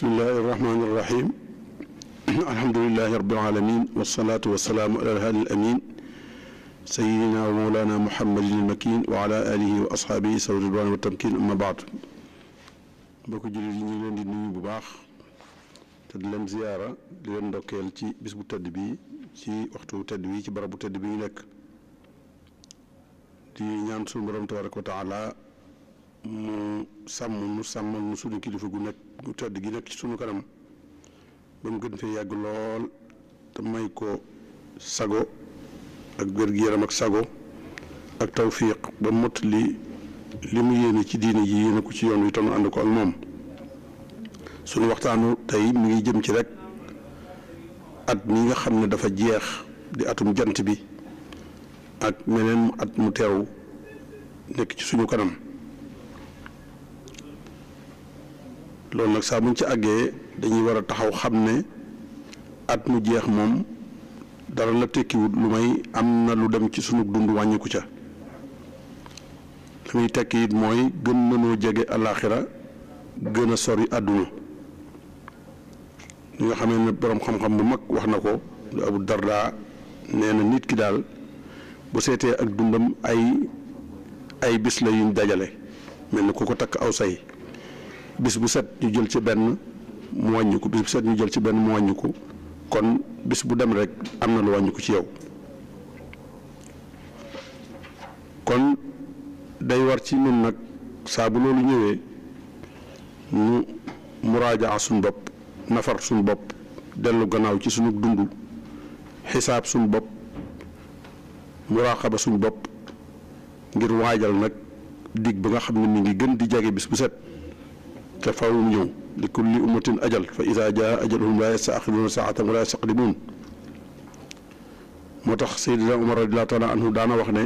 bismillahi irrahmani irrahim alhamdulilahi rabilalamin walsalaatu wassalaamu ala alhaadi alamin sayidina wa mawlana muhammadin almakin wa ala alihi wa ashaabihi saw ridwaan wa tamkin amma baad mbokk jullit yi ñu ngi leen di nuyu bu baax te di leen ziyaara di leen ndokkeel ci bis bu tedd bi ci waxtu bu tedd bi ci barab bu tedd bi ñu nekk di ñaan suñu borom tabaraka wa taala mu sàmm nu sàmmal mu sunu kilifa gu nekk gu tedd gi nekk ci suñu kanam ba mu gën fee yàgg lool te may ko sago ak gër gu yaram ak sago ak tawfiq ba mott li li mu yéene ci diine ji yéene ko ci yoon wi tanu ànd ko ak moom sunu waxtaanu tey mu ngi jëm ci rek at mi nga xam ne dafa jeex di atum jant bi ak meneen at mu teew nekk ci suñu kanam loolu nag saa buñ ci àggee dañuy war a taxaw xam ne at mu jeex moom dara la tekkiwut lu may am na lu dem ci sunu dund wàññiku ca li muy tekki mooy gën nañoo jege alaaxira gën a sori àdduna li nga xamee ne boroom xam-xam bu mag wax na ko lu abu darda nee na nit ki daal bu seetee ak dundam ay ay bis la yuñ dajale mel ni ku ko takk aw say bis bu set ñu jël ci benn mu wàññiku bis bu set ñu jël ci benn mu wàññiku kon bis bu dem rek am na lu wàññiku ci yow kon day war ci nun nag saa bu loolu ñëwee ñu muraajaa suñ bopp nafar suñ bopp dellu gannaaw ci suñu dund xisaab suñ bopp muraaxaba suñ bopp ngir waajal nag digg ba nga xam ne mi ngi gën di jege bis bu set te faaw mu ñëw li kulli ummatin ajal fa iza jaa ajaluhum laa yastaaxiruuna saatan wa laa yastaqdimuun moo tax Seydina Umar radiyallaahu taala anhu daana wax ne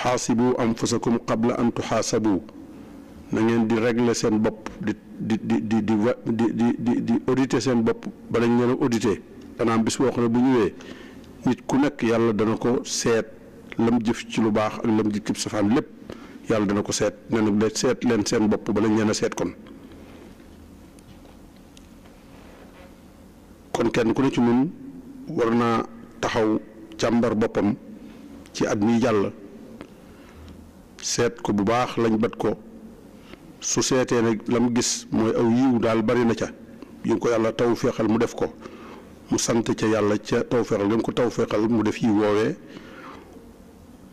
xaasibu anfusakum qabla an tuxaasabu na ngeen di régler seen bopp di di di di di di di di auditer seen bopp bala ñu audite a auditer dana am bis boo xam ne bu ñëwee nit ku nekk yàlla dana ko seet lam jëf ci lu baax ak lam jëf ci safaan lépp. yàlla dina ko seet nee na seet leen seen bopp bala ñu leen a seet kon. kon kenn ku ne ci ñun war naa taxaw càmbar boppam ci at mi jàll seet ko bu baax lañ bat ko su seetee nag la mu gis mooy aw yiw daal bari na ca yu ko yàlla taw feexal mu def ko mu sant ca yàlla ca taw feexal nga ko taw feexal mu def yiw woowee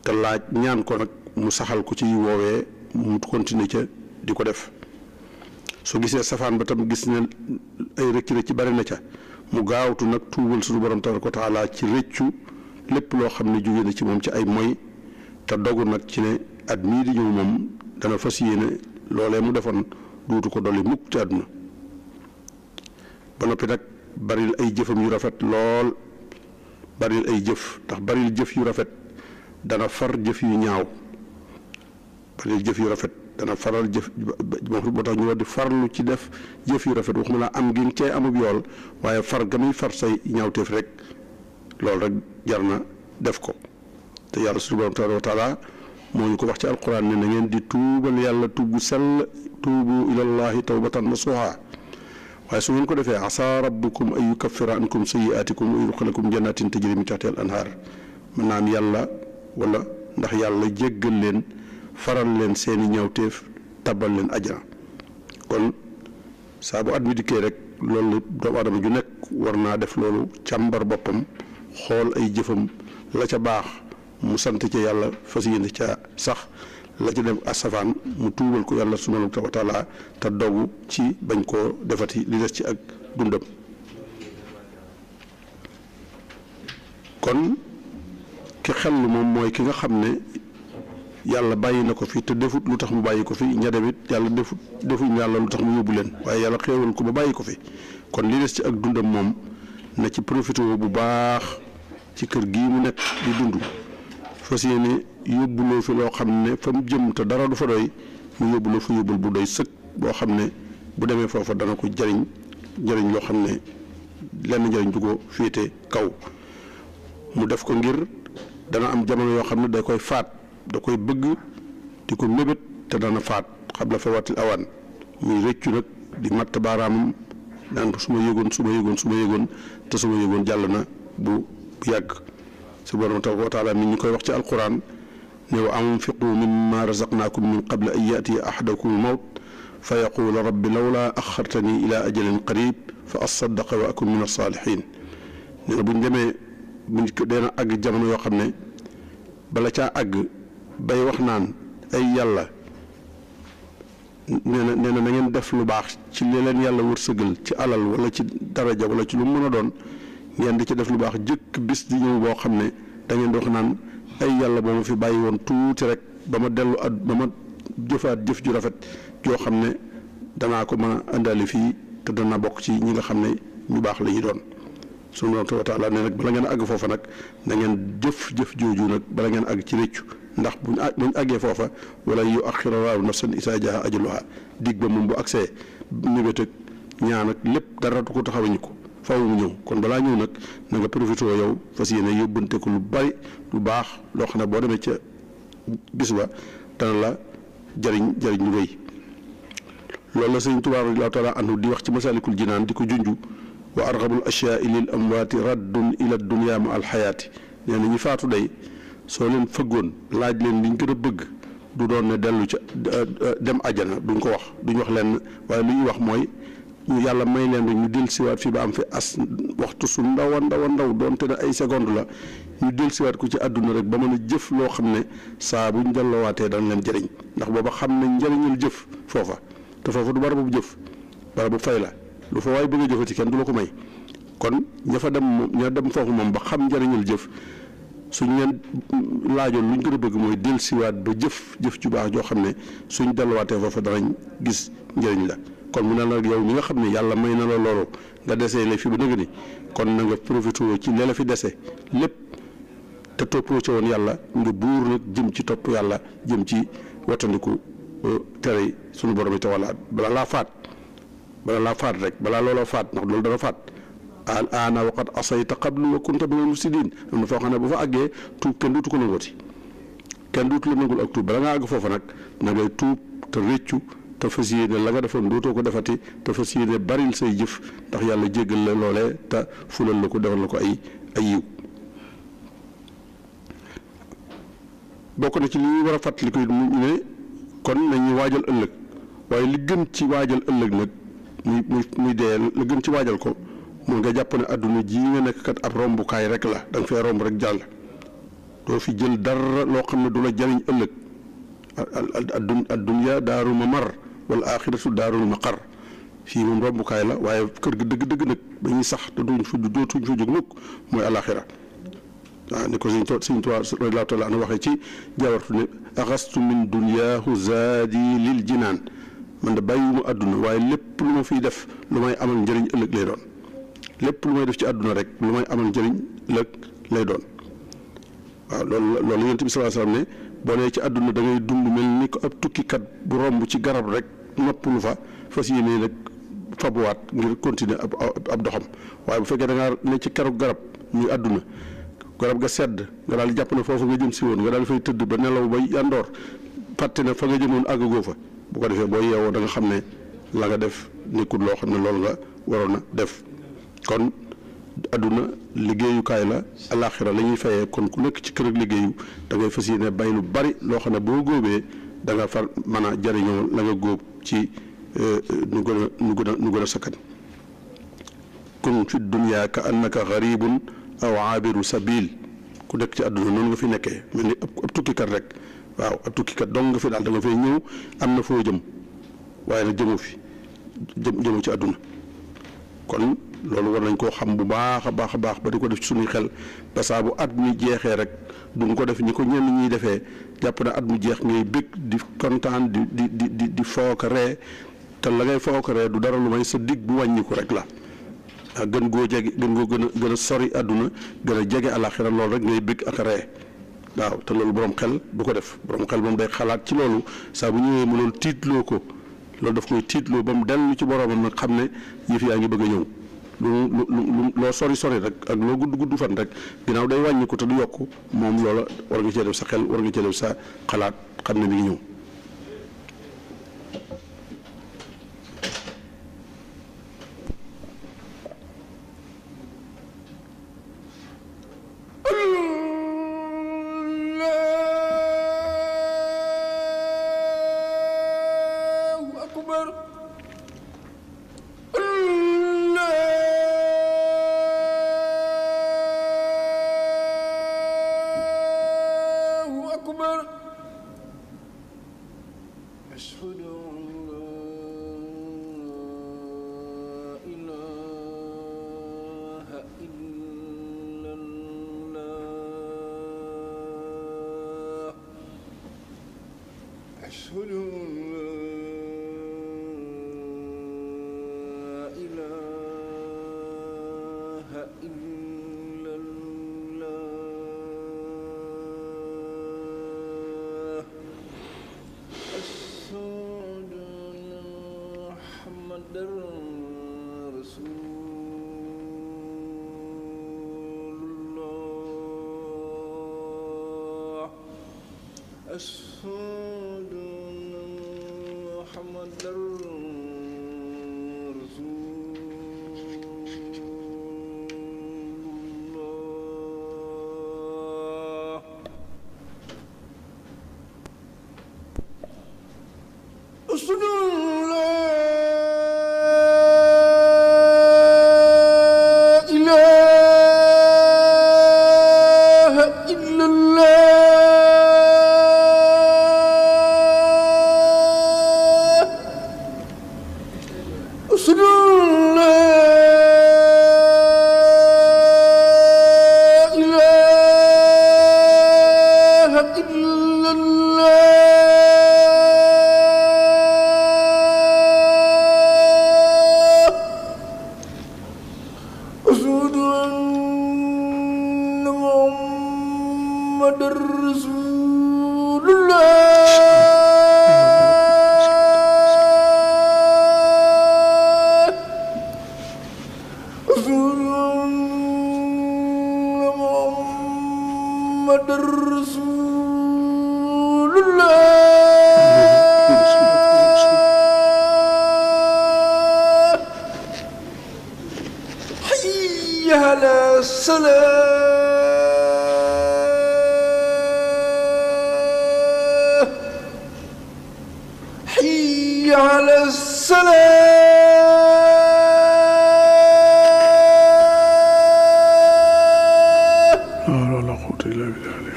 te laaj ñaan ko nag mu saxal ko ci woowee mu continuer ca di ko def soo gisee safaan ba tam gis ne ay rëcc rëcc bari na ca mu gaawatu nag tuubal suñu borom tabaaraka wa taala ci rëccu lépp loo xam ne jóge na ci moom ci ay moy te dogu nag ci ne at mii di ñëw moom dana fas yéene loole mu defoon duutu ko dolli mukk ci àdduna ba noppi nag baril ay jëfam yu rafet lool baril ay jëf ndax baril jëf yu rafet dana far jëf yu ñaaw parce que jëf yu rafet dana faral jëf moo tax ñu war di farlu ci def jëf yu rafet waxuma laa am ngeen cee amub yool waaye far ga muy far say ñaawteef rek loolu rek jar def ko te yàlla subhaanahu wa taala moo ñu ko wax ci alquran ne na ngeen di tuubal yàlla tuub bu sell tuubu ilallahi tawbatan nasuha waaye su ngeen ko defee asa rabbukum an yukaffira ankum sayiatikum wa yudxilakum jannatin tajri min taxtiha al anhaar mën naa yàlla wala ndax yàlla jéggal leen faral leen seeni ñawteef tabal leen ajana kon saa bu at mi dikkee rek loolu doomu adama ju nekk war naa def loolu càmbar boppam xool ay jëfam la ca baax mu sant ca yàlla fas yéene ca sax la ca dem asafaan mu tuubal ko yàlla suma subhaanahu wa taala te dogu ci bañ koo defati li des ci ak dundam kon ki xel moom mooy ki nga xam ne yàlla bàyyi na ko fi te defut lu tax mu bàyyi ko fi ña dem it yàlla defut defuñ yàlla lu tax mu yóbbu leen waaye yàlla xéewal ko ba bàyyi ko fi kon li des ci ak dundam moom na ci profité bu baax ci kër gii mu nekk di dund fas yéene yóbbuloo fi loo xam ne fa mu jëm te dara du fa doy mu yóbbuloo fa yóbbul bu doy sëkk boo xam ne bu demee foofa dana ko jariñ jariñ loo xam ne lenn jariñ du ko féete kaw mu def ko ngir dana am jamono yoo xam ne da koy faat da koy bëgg di ko mébét te dana faat xam la fawatil awaan muy rëccu nag di matt baaraamam naan su ma yëgoon su ma yëgoon su ma yëgoon te su ma yëgoon jàll na bu yàgg subhaanahu wa taala mi ñu koy wax ci alquran ne wa anfiqu mimma razaqnaakum min qabli an yatiya ahadakum mawt fa yaquula rabbi lawlaa axartani ila ajalin qarib fa asaddaqa wa akun min alsaalihin nee na bu ñu bu ñu dee na àgg jamono yoo xam ne bala caa àgg bay wax naan ay yàlla nee na nee na na ngeen def lu baax ci li leen yàlla wërsëgal ci alal wala ci daraja wala ci lu mën a doon ngeen di ci def lu baax jëkk bis di ñëw boo xam ne dangeen ngeen di wax naan ay yàlla ba ma fi bàyyi woon tuuti rek ba ma dellu at ba ma jëfaat jëf ju rafet joo xam ne danaa ko mën a indaale fii te dana bokk ci ñi nga xam ne ñu baax la ñu doon sunu borom tabaaraka ne nag bala ngeen àgg foofa nag da jëf jëf jooju nag bala ngeen àgg ci ndax buñ buñ àggee foofa wala yu axira laahu nafsan isaa jaa ajaluha dig ba moom bu agsee mébét ak ñaan ak lépp dara ko taxawuñu ko faaw mu ñëw kon balaa ñëw nag na nga profité yow fas yéene yóbbante ko lu bari lu baax loo xam ne boo demee ca bis ba dana la jariñ jariñ lu rëy loolu la sëñ Tuubaa radiyallaahu taala anhu di wax ci masaalikul jinaan di ko junju wa arxabul ashyaai lil amwaati raddun ila dunya ma alxayaati nee na ñi faatu day soo leen fëggoon laaj leen liñ gën a bëgg du doon ne dellu ci euh, dem ajana duñ ko wax duñ wax leen waaye li ñuy wax mooy ñu yàlla may leen rek ñu siwaat fii ba am fi as waxtu su ndaw a ndaw a ndaw doonte ne ay seconde la ñu dellusiwaat ko ci àdduna rek ba mën a jëf loo xam ne saa bu ñu delloowaatee dana leen jëriñ ndax booba xam ne njëriñul jëf foofa te foofa du barabu jëf barabu fay la lu fa waay bëgg a jëfati kenn du la ko may kon ña fa dem ña dem foofu moom ba xam njëriñul jëf. suñ leen laajoon lu ñu gën a bëgg mooy siwaat ba jëf jëf ju baax joo xam ne suñ delluwaatee foofa danañ gis njëriñ la kon mu ne nag yow mi nga xam ne yàlla may na la loolu nga desee la fi ba nëgg ni kon na nga profité ci lee la fi dese lépp te toppoo ci woon yàlla nga buur nag jëm ci topp yàlla jëm ci wattandiku euh, tere suñu borom yi te wala balaa laa faat balaa laa faat rek balaa looloo faat ndax loolu dana faat. al aana waqad asayta qablu bi kunta minal mufsidin am mu foo xam ne bu fa àggee tuub kenn duutu ko nangooti kenn duutu la nangul ak tuub la nga àgg foofa nag na ngay tuub te rëccu te fas yéene la nga defoon dootoo ko defati te fas yéene baril say jëf ndax yàlla jéggal la loole te fulal la ko defal la ko ay ay yiw bokk na ci li ñuy war a fàttali ko mu ne kon nañuy waajal ëllëg waaye li gën ci waajal ëllëg nag muy muy muy dee la gën ci waajal ko mooy nga jàpp ne àdduna ji nga nekk kat ab rombukaay rek la da fee romb rek jàll doo fi jël dara loo xam ne du la jariñ ëllëg addun addunya daaru mamar wal axiratu daarul maqar fii moom rombukaay la waaye kër gi dëgg-dëgg nag ba ñuy sax te duñ fa dootuñ fa jóg mooy alaxira waaw ni ko sëñ to sëñ Tuubaa radiyallaahu waxee ci jawartu ne axastu min dunyaahu zaadi lil jinaan man da bàyyiwuma àdduna waaye lépp lu ma fiy def lu may amal njëriñ ëllëg lay doon lépp lu may def ci àdduna rek lu may amal njëriñ lëg lay doon waaw loolu la yonent bi sallallahu alayhi wasallam ne boo ne ci àdduna da ngay dund mel ni ko ab tukkikat bu romb ci garab rek noppalu fa fas yéene rek fabuwaat ngir continuer ab ab doxam waaye bu fekkee da ne ci keroog garab muy àdduna garab ga sedd nga daal jàpp na foofu nga jëm si woon nga daal fay tëdd ba nelaw ba yandoor fàtte ne fa nga jëmoon àggagoo fa bu ko defee boo yeewoo danga xam ne la def nekkul loo xam ne loolu nga waroon a def. kon adduna liggéeyukaay la alaxira la ñuy fayee kon ku nekk ci kër liggéeyu dangay ngay fas yéene bay lu bari loo xam ne boo góobee da nga far mën a jëriñoo la nga góob ci euh, euh, nu gën a nu gën a nu gën a sakkan kun fi dunya ka annaka garibun aw aabiru sabil ku nekk ci àdduna noonu nga fi nekkee mel ni ab tukkikat rek waaw ab tukkikat dong nga fi daal da nga fay ñëw am na foo jëm waaye nag jëmu fi jëm jëmu ci àdduna kon loolu war nañ koo xam bu baax a baax a baax ba di ko def ci suñuy xel ba saa bu at mu jeexee rek duñ ko def ñi ko ñenn ñuy defee jàpp na at mu jeex ngay bég di kontaan di di di di di fookaree te la ngay fookaree du dara lu may sa digg bu wàññiku rek la. gën goo jege gën goo gën a gën sori àdduna gën a jege alaxira loolu rek ngay bég ak ree waaw te loolu boroom xel bu ko def borom xel moom day xalaat ci loolu saa bu ñëwee mu loolu tiitloo ko loolu daf koy tiitloo ba mu dellu ci boromam nag xam ne yëf yaa ngi bëgg a ñëw. lu lu loo sori sori rek ak loo gudd gudd fan rek ginnaaw day wàññi ko te du yokk moom loola war nga cee def sa xel war nga cee sa xalaat xam ne mi ngi ñëw.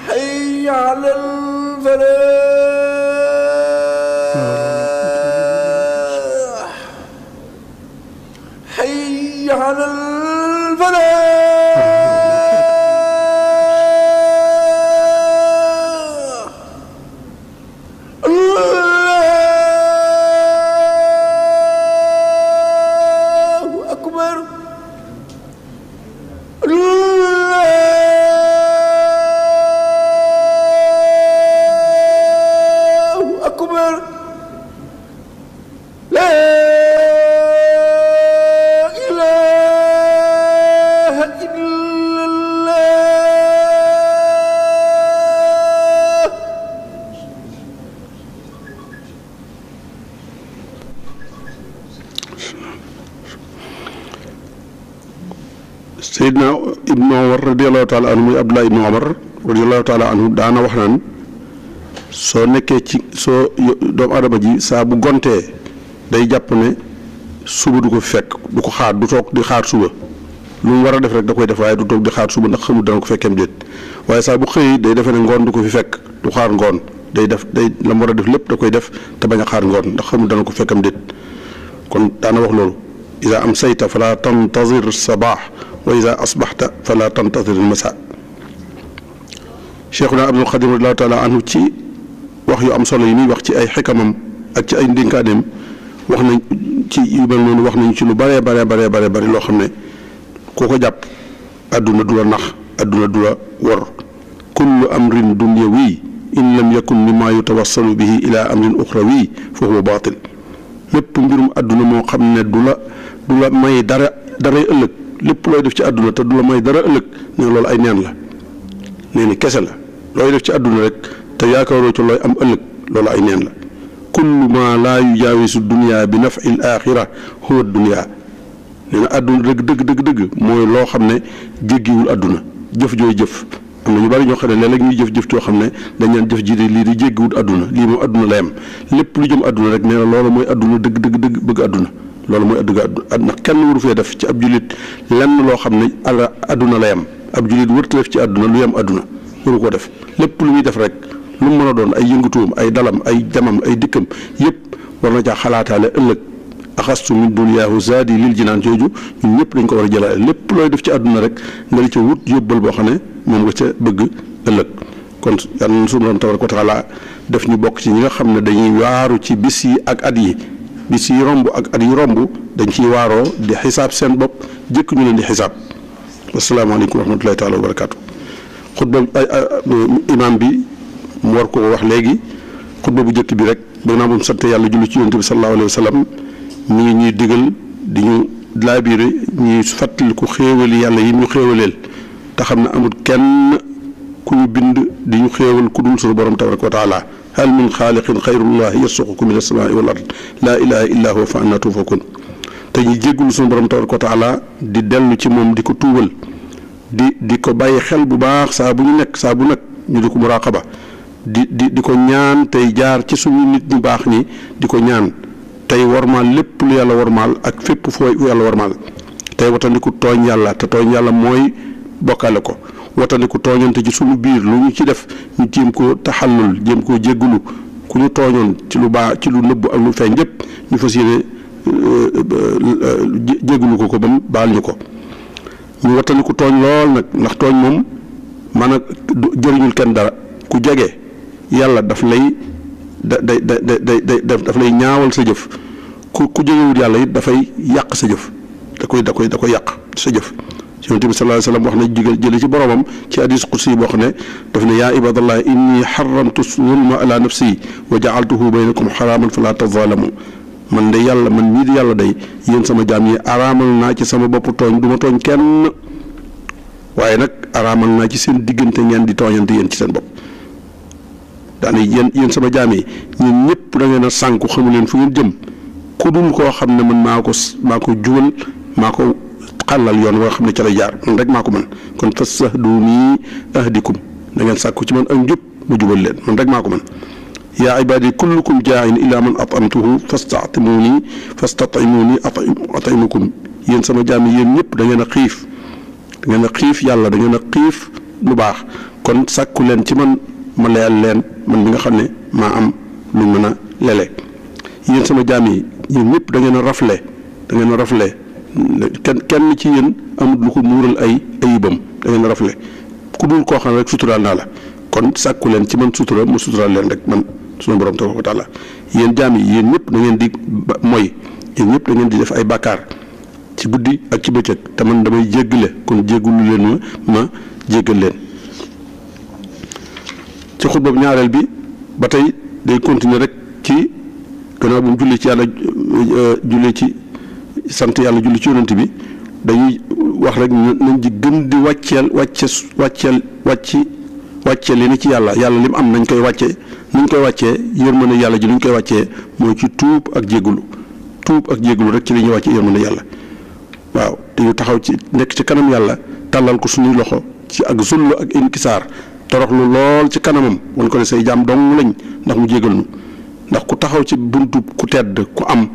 حي على الفلاح Omar radiyallahu taala anhu muy Abdullah ibnu Omar radiyallahu taala anhu daana wax naan soo nekkee ci soo doomu adama ji saa bu gontee day jàpp ne suba du ko fekk du ko xaar du toog di xaar suba lu mu war a def rek da koy def waaye du toog di xaar suba ndax xamul dana ko fekkeem déet waaye saa bu xëy day defe ne ngoon du ko fi fekk du xaar ngoon day def day la mu war a def lépp da koy def te bañ a xaar ngoon ndax xamul dana ko fekkam déet kon daana wax loolu ida wa ida asbaxta fala tantadir almasa cheikhuna abdul xadim radiallahu taala ci wax yu am solo yi muy wax ci ay xikamam ak ci ay ndénkaaneem wax nañ ci yu mel noonu wax nañ ci lu bare bare bare bare bari loo xam ne koo ko jàpp àdduna du la nax àdduna du la wor kullu amrin dunyawi in lam yakun li maa yutawassalu bihi ila amrin uxrawi fa huwa baatil lépp mbirum àdduna moo xam ne du la du la may dara daray ëllëg lépp looy def ci àdduna te du la may dara ëllëg nee loolu ay neen la nee ni kese la looy def ci àdduna rek te yaakaaroo ci looy am ëllëg loolu ay neen la kullu ma laa yujaawisu dunia bi nafi l axira huwa dunia nee na àdduna dëgg dëgg dëgg mooy loo xam ne jéggiwul àdduna jëf jooy jëf am na ñu bari ñoo xam ne léeg-léeg ñuy jëf-jëf yoo xam ne dañ naan jëf ji lii di jéggiwul àdduna lii moom àdduna la yem lépp lu jëm àdduna rek nee na loolu mooy àdduna dëgg dëgg dëgg àdduna loolu mooy adduna ndax kenn waru fee def ci ab jullit lenn loo xam ne ala adduna la yam ab jullit wërta def ci adduna lu yam adduna waru ko def lépp lu muy def rek lu mu mën a doon ay yëngatuwam ay dalam ay jamam ay dikkam yëpp war na caa xalaataale ëllëg axastu min duniyaahu zaadi lil jinaan jooju ñun ñëpp dañ ko war a jëlaat lépp looy def ci adduna rek nga di ca wut yóbbal boo xam ne moom nga ca bëgg ëllëg kon yàlla na suñu borom tabaraka def ñu bokk ci ñi nga xam ne dañuy waaru ci bis yi ak at yi bis yi romb ak at yi romb dañ ciy waaroo di xisaab seen bopp jëkk ñu leen di xisaab wasalaamaaleykum wa rahmatulahi taala wa barakaatu xutba imaam bi mu war ko wax léegi xutba bu jëkk bi rek gannaaw moom sant yàlla julli ci yonent bi sallallahu alayhi wa sallam mi ngi ñuy digal di ñu laabiire ñuy fàttaliku xéewali yàlla yi ñu xéewaleel te xam ne amul kenn ku ñu bind di ñu xéewal ku dul suñu borom tabaraka wa taala hal min xaaliqin xayrullah yarsuqukum min asamaai wal ard laa ilaha illa huwa fa anna tufakun te ñu jéggul suñu borom tabaraka wa di dellu ci moom di ko tuubal di di ko bàyyi xel bu baax saa bu ñu nekk saa bu nekk ñu di ko muraqaba di di di ko ñaan tey jaar ci suñu nit ñu baax ñi di ko ñaan tey warmaal lépp lu yàlla warmaal ak fépp foo yàlla warmaal tey watandiku tooñ yàlla te tooñ yàlla mooy bokkale ko wataniku tooñante ci suñu biir lu ñu ci def ñu jéem koo taxallul jéem koo jéggulu ku ñu tooñoon ci lu baax ci lu nëbb ak lu feeñ yépp ñu fas yéene euh, euh, jéggulu ko ko ba mu baal ñu ko ñu wataniku tooñ lool nag ndax tooñ moom man a jëriñul kenn dara ku jege yàlla daf lay da day da day day daf lay ñaawal sa jëf ku ku jegewul yàlla it dafay yàq sa jëf da koy da koy da koy yàq sa jëf yonent bi sallallahu alayhi wasallam wax na jóge jële ci boromam ci hadis qudsi boo xam ne daf ne yaa ibadallah inni xaramtu zulma ala nafsi wa jaaltuhu baynakum xaraaman fala tazalamu man de yàlla man ñii di yàlla day yéen sama jaam yi araamal naa ci sama bopp tooñ du ma tooñ kenn waaye nag araamal naa ci seen diggante ngeen di tooñante yéen ci seen bopp daana yéen yéen sama jaam yi ñun ñëpp da ngeen a sànku xamu fu ngeen jëm ku dul koo xam ne man maa ko maa ko jubal maa ko xàllal yoon wa nga xam ne ca lay jaar man rek maa ko man kon fastahduni ahdikum da ngeen sàkku ci man ak njub mu jubal leen man rek maa ko mën yaa ibaadi kullukum jaain illa man atamtuhu fastatimuni fastatimuni atimukum yéen sama jaam yi yéen ñëpp da ngeen a xiif da ngeen a xiif yàlla da ngeen a xiif lu baax kon sàkku leen ci man ma leyal leen man bi nga xam ne maa am lu mën a lele yéen sama jaam yi yéen ñëpp da ngeen rafle da ngeen rafle kenn kenn ci yéen amul lu ko muural ay ayibam da ngeen rafle ku dul koo xam rek suturaal naa la kon sàkku leen ci man sutura ma suturaal leen rek man sunu borom tabaaraka wa taala yéen jaam yi yéen ñëpp da ngeen di mooy yéen ñëpp da di def ay bàkkaar ci guddi ak ci bëccëg te man damay jéggale kon jéggulu leen ma ma jéggal leen ci xutba bu ñaareel bi ba tey day continuer rek ci gannaaw bu mu julli ci yàlla euh, julli ci sant yàlla julli ci yonant bi dañuy wax rek nañ di gën di wàcceel wàcce wàcceel wàcc wàcceel li ni ci yàlla yàlla lim am nañ koy wàcce nuñ koy wàccee yërmande yàlla ji nuñ koy wàccee mooy ci tuub ak jéggulu tuub ak jéggulu rek ci li ñuy wàcce yërmande yàlla waaw te taxaw ci nekk ci kanam yàlla tàllal ko suñuy loxo ci ak zullu ak inkisaar toroxlu lool ci kanamam wan ko ne say jaam dong lañ ndax mu jéggal nu ndax ku taxaw ci buntu ku tedd ku am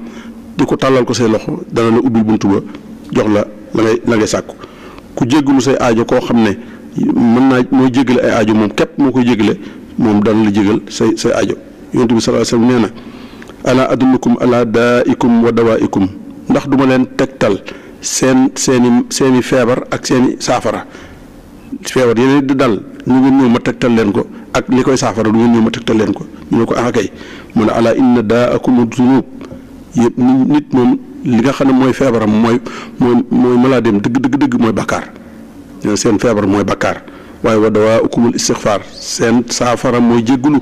di ko tàllal ko say loxo dana la ubbil buntu ba jox la la ngay la sàkku ku jéggalu say aajo koo xam ne mën naa mooy jéggale ay aajo moom képp moo koy jéggale moom dana la jégal say say aajo yonent bi sallallahu alayhi wasallam nee na ala adullukum ala daa'ikum wa dawaa'ikum ndax duma leen tegtal seen seeni seeni feebar ak seeni saafara feebar yeneen di dal ñu ngeen ñëw ma tegtal leen ko ak li koy saafara du ngeen ñëw ma tegtal leen ko ñu ne ko ah kay ne ala inna daakum dunub nit moom li nga xam ne mooy feebaram mooy mooy mooy malaadeem dëgg dëgg dëgg mooy bakkaar seen feebar mooy bakkaar waaye wa dawaa ukumul istixfaar seen saafara mooy jéggulu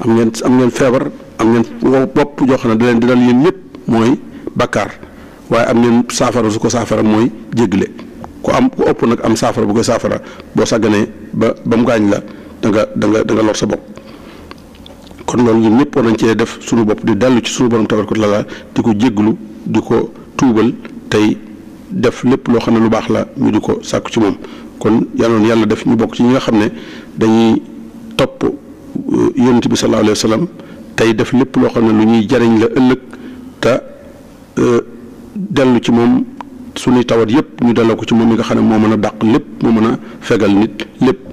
am ngeen am ngeen feebar am ngeen bopp joo xam ne da leen di dal yéen ñëpp mooy bakkaar waaye am ngeen saafara su ko saafara mooy jéggale ku am ku ëpp nag am saafara bu ko saafara boo sàgganee ba ba mu gaañ la da nga da nga da nga sa bopp. kon loolu ñun ñëpp nañ cee def suñu bopp di dellu ci suñu bon borom tabaraka taala di ko jégglu di ko tuubal tey def lépp loo xam ne lu baax la ñu di ko sàkk ci moom kon yàlla na def ñu bokk ci ñi nga xam ne dañuy topp euh, yonent bi sallallahu alayhi wa sallam tey def lépp loo xam ne lu ñuy jariñ la ëllëg te euh, dellu ci moom suñuy tawat yëpp ñu delloo ko ci moom mi nga xam ne moo mën a dàq lépp moo mën a fegal nit lépp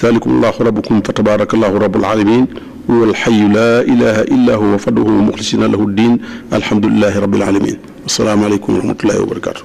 dalikum allahu rabbukum fa tabaraka allahu rabbul alamin huwa alxayu laa ilaha illa huwa fad'uhu muxlisina lahu ddin alhamdulilahi rabbil alamin assalaamu aleykum wa rahmatullahi wa barakatu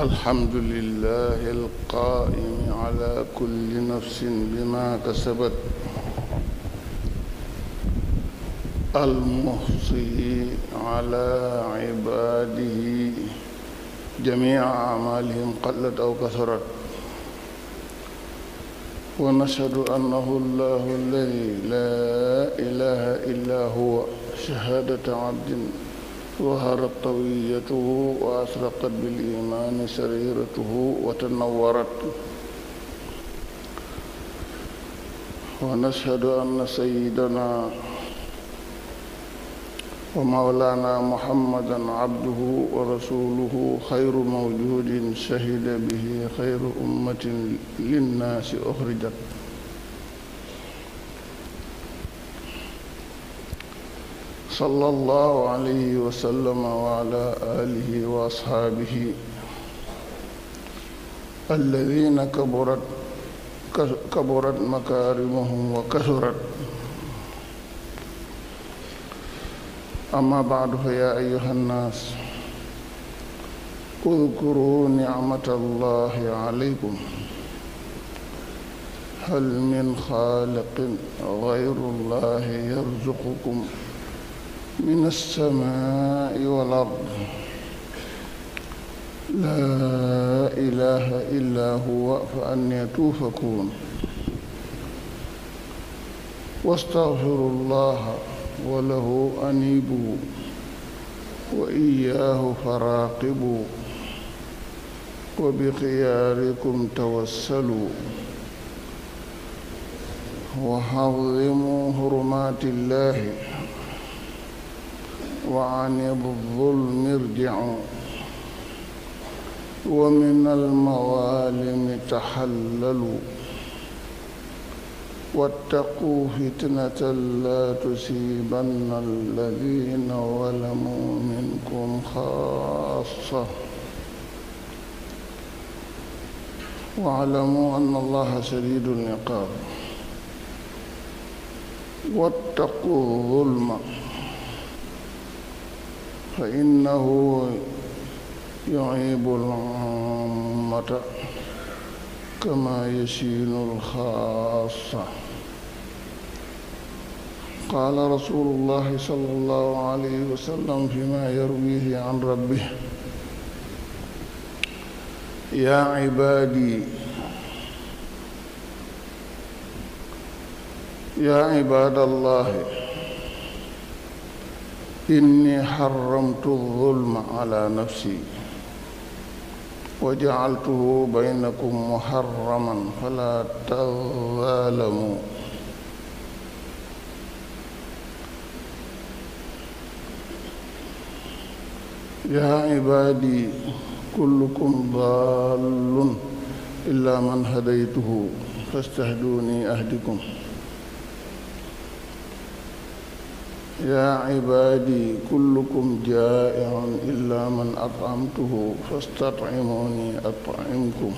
alhamdulilah alqaa'imi ala kulli nafsin bima kasabat almuhsi ala ibaadihi jamii acmaalihim qallat aw kasarat wa nashhadu annahu allahu alladi laa ilaaha illaa huwa shahaadata abdin ظهرت طويته وأسرقت بالإيمان سريرته وتنورت ونشهد أن سيدنا ومولانا محمدا عبده ورسوله خير موجود شهد به خير أمة للناس أخرجت صلى الله عليه وسلم وعلى آله وأصحابه الذين كبرت كبرت مكارمهم وكثرت أما بعد فيا أيها الناس اذكروا نعمة الله عليكم هل من خالق غير الله يرزقكم من السماء والأرض لا إله إلا هو فأني توفكون واستغفروا الله وله أنيبوا وإياه فراقبوا وبخياركم توسلوا وحظموا حرمات الله وعن الظلم ارجعوا ومن الموالم تحللوا واتقوا فتنة لا تصيبن الذين ظلموا منكم خاصة واعلموا أن الله شديد العقاب واتقوا الظلم فإنه يعيب العامة كما يشين الخاصة قال رسول الله صلى الله عليه وسلم فيما يرويه عن ربه يا عبادي يا عباد الله inni xaramtu zulma ala nafsi wa jacaltuhu baynakum muharraman fala tazaalamu yaa cibaadi kullukum daallun illaa man hadaytuhu fastahduuni ahdikum يا عبادي كلكم جائع إلا من أطعمته فاستطعموني أطعمكم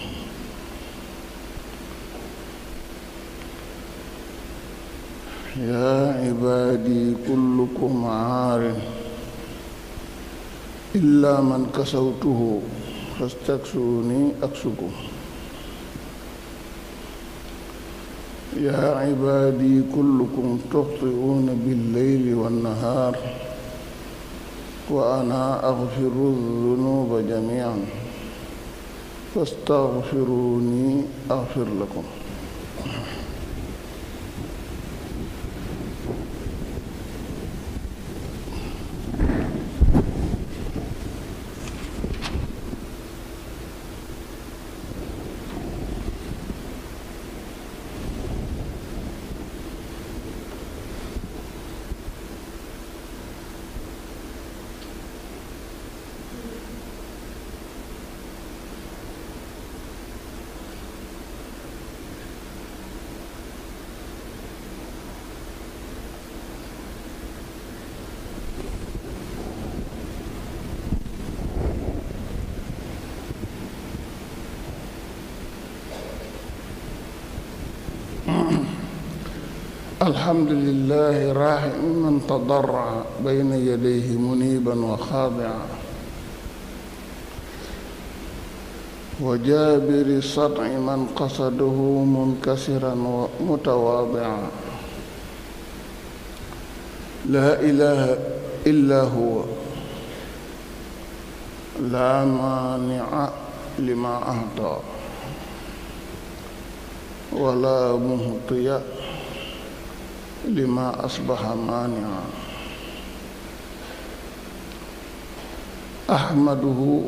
يا عبادي كلكم عار إلا من كسوته فاستكسوني أكسكم يا عبادي كلكم تخطئون بالليل والنهار وأنا أغفر الذنوب جميعا فاستغفروني أغفر لكم الحمد لله راحم من تضرع بين يديه منيبا وخاضعا وجابر سطع من قصده منكسرا ومتواضعا لا إله إلا هو لا مانع لما أعطى ولا مهطي لما أصبح مانعا أحمده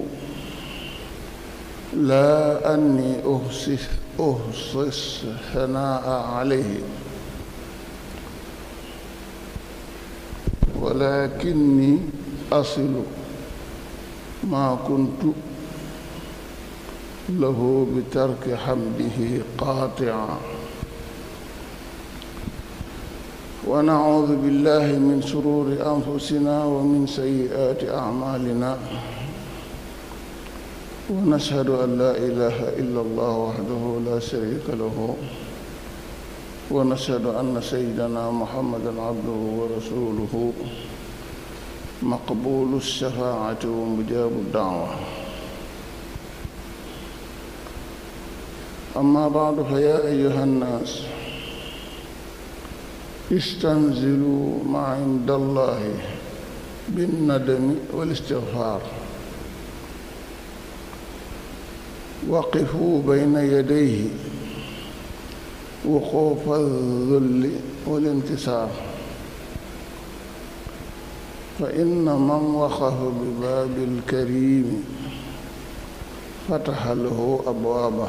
لا أني أهسس أهسس ثناء عليه ولكني أصل ما كنت له بترك حمده قاطعا ونعوذ بالله من شرور أنفسنا ومن سيئات أعمالنا ونشهد أن لا إله إلا الله وحده لا شريك له ونشهد أن سيدنا محمدا عبده ورسوله مقبول الشفاعة ومجاب الدعوة أما بعد فيا أيها الناس istamzilu ma indallahi bin nadami wal istigfaar waqifu bayna yadayhi wuquufa zulli wal intisaar fa inna man waqafa bi baabil kariimi fataxa lahu abwaaba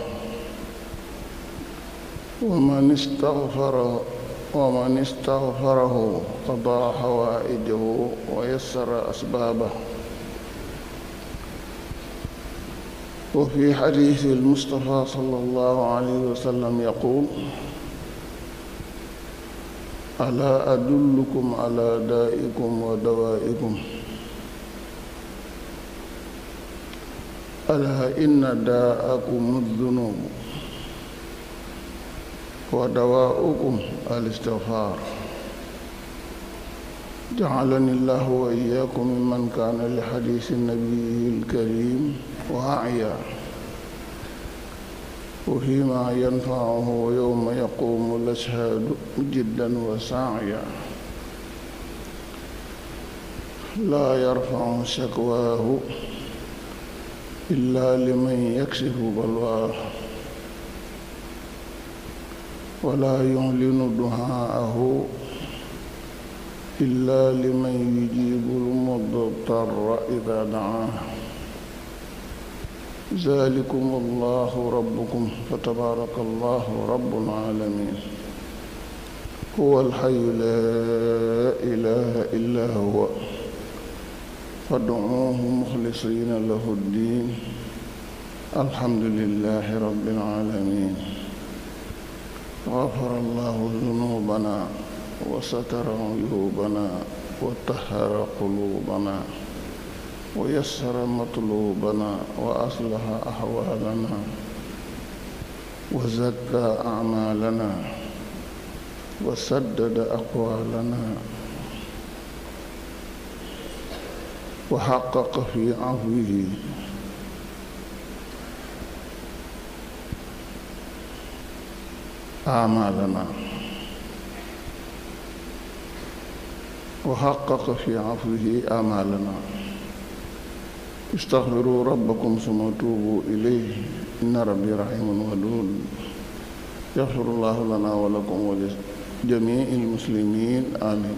wa man istagfara ومن استغفره قضى حوائجه ويسر أسبابه وفي حديث المصطفى صلى الله عليه وسلم يقول ألا أدلكم على دائكم ودوائكم ألا إن داءكم الذنوب ودواؤكم الاستغفار جعلني الله وإياكم ممن كان لحديث النبي الكريم واعيا وفيما ينفعه يوم يقوم الأشهاد جدا وساعيا لا يرفع شكواه إلا لمن يكشف بلواه ولا يعلن دعاءه إلا لمن يجيب المضطر إذا دعاه ذلكم الله ربكم فتبارك الله رب العالمين هو الحي لا إله إلا هو فادعوه مخلصين له الدين الحمد لله رب العالمين غفر الله ذنوبنا وستر عيوبنا وطهر قلوبنا ويسر مطلوبنا وأصلح أحوالنا وزكى أعمالنا وسدد أقوالنا وحقق في عفوه أعمالنا وحقق في عفوه آمالنا استغفروا ربكم ثم توبوا إليه إن ربي رحيم ودود يغفر الله لنا ولكم ولجميع المسلمين آمين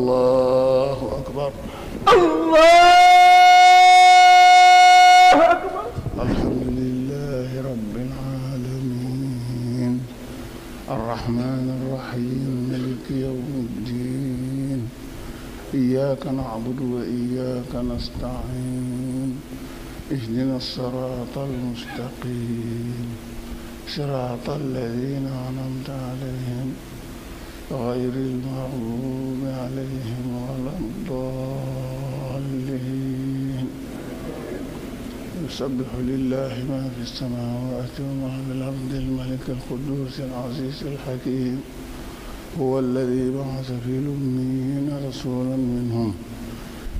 الصراط المستقيم صراط الذين أنعمت عليهم غير المغضوب عليهم ولا الضالين يسبح لله ما في السماوات وما في الأرض الملك القدوس العزيز الحكيم هو الذي بعث في الأمين رسولا منهم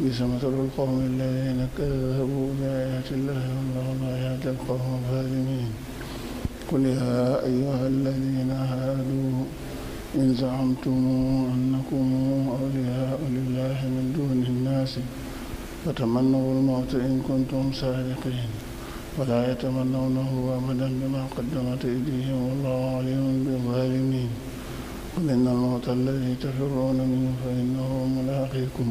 بسمة القوم الذين كذبوا بآيات الله والله لا يهدي القوم الظالمين قل يا أيها الذين هادوا إن زعمتم أنكم أولياء لله من دون الناس فتمنوا الموت إن كنتم صادقين ولا يتمنونه أبدا بما قدمت أيديهم والله عليم بالظالمين قل إن الموت الذي تفرون منه فإنه ملاقيكم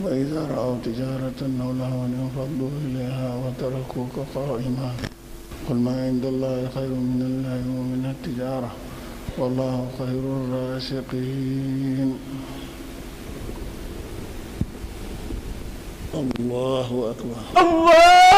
وإذا رأوا تجارة أو لهوا انفضوا إليها وتركوك قائما قل ما عند الله خير من الله ومن التجارة والله خير الراسقين الله أكبر الله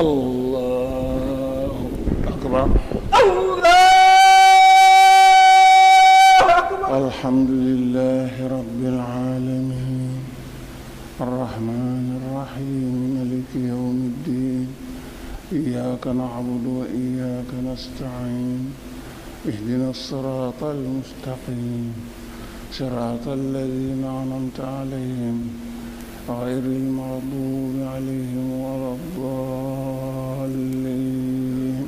الله أكبر الله أكبر والحمد لله رب العالمين الرحمن الرحيم ملك يوم الدين إياك نعبد وإياك نستعين اهدنا الصراط المستقيم صراط الذين أنعمت عليهم غير المغضوب عليهم ولا الضالين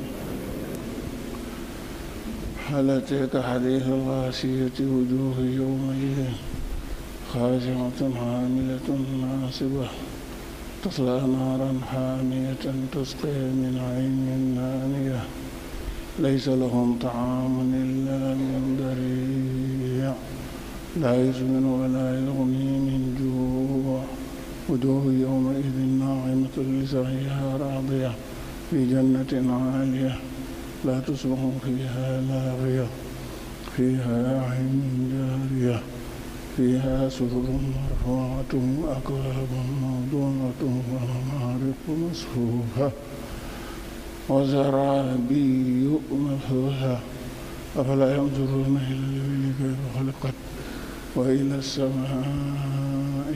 هل أتيك حديث الغاشية وجوه يومئذ خاشعة عاملة ناصبة تصلى نارا حامية تسقي من عين آنية ليس لهم طعام إلا من ضريع لا يسمن ولا يغني من جوع وجوه يومئذ ناعمة لسعيها راضية في جنة عالية لا تسمع فيها لاغية فيها عين جارية فيها سرر مرفوعة أكواب موضوعة ومعارف مصفوفة وزرابي مثوها أفلا ينظرون إلى الإبل كيف خلقت وإلى السماء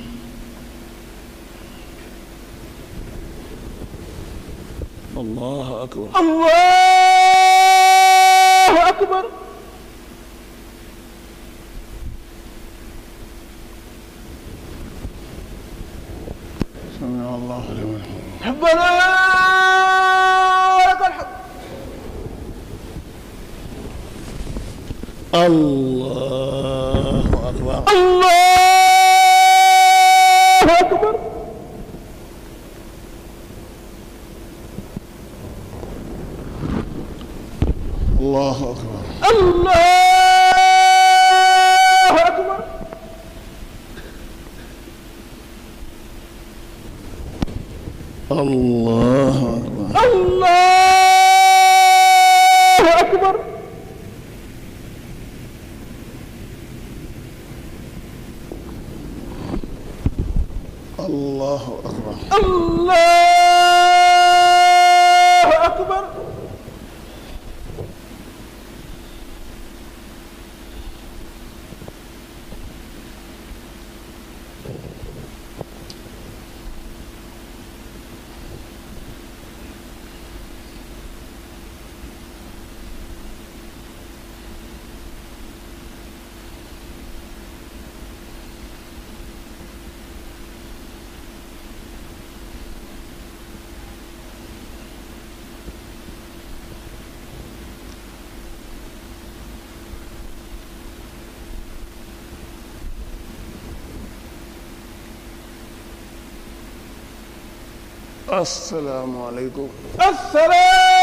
allahu akbar allahu akbar sami'a allahu liman hamidah rabbana lakal hamd allahu akbar allah allahu akbar allah assalaamu aleykum asalaam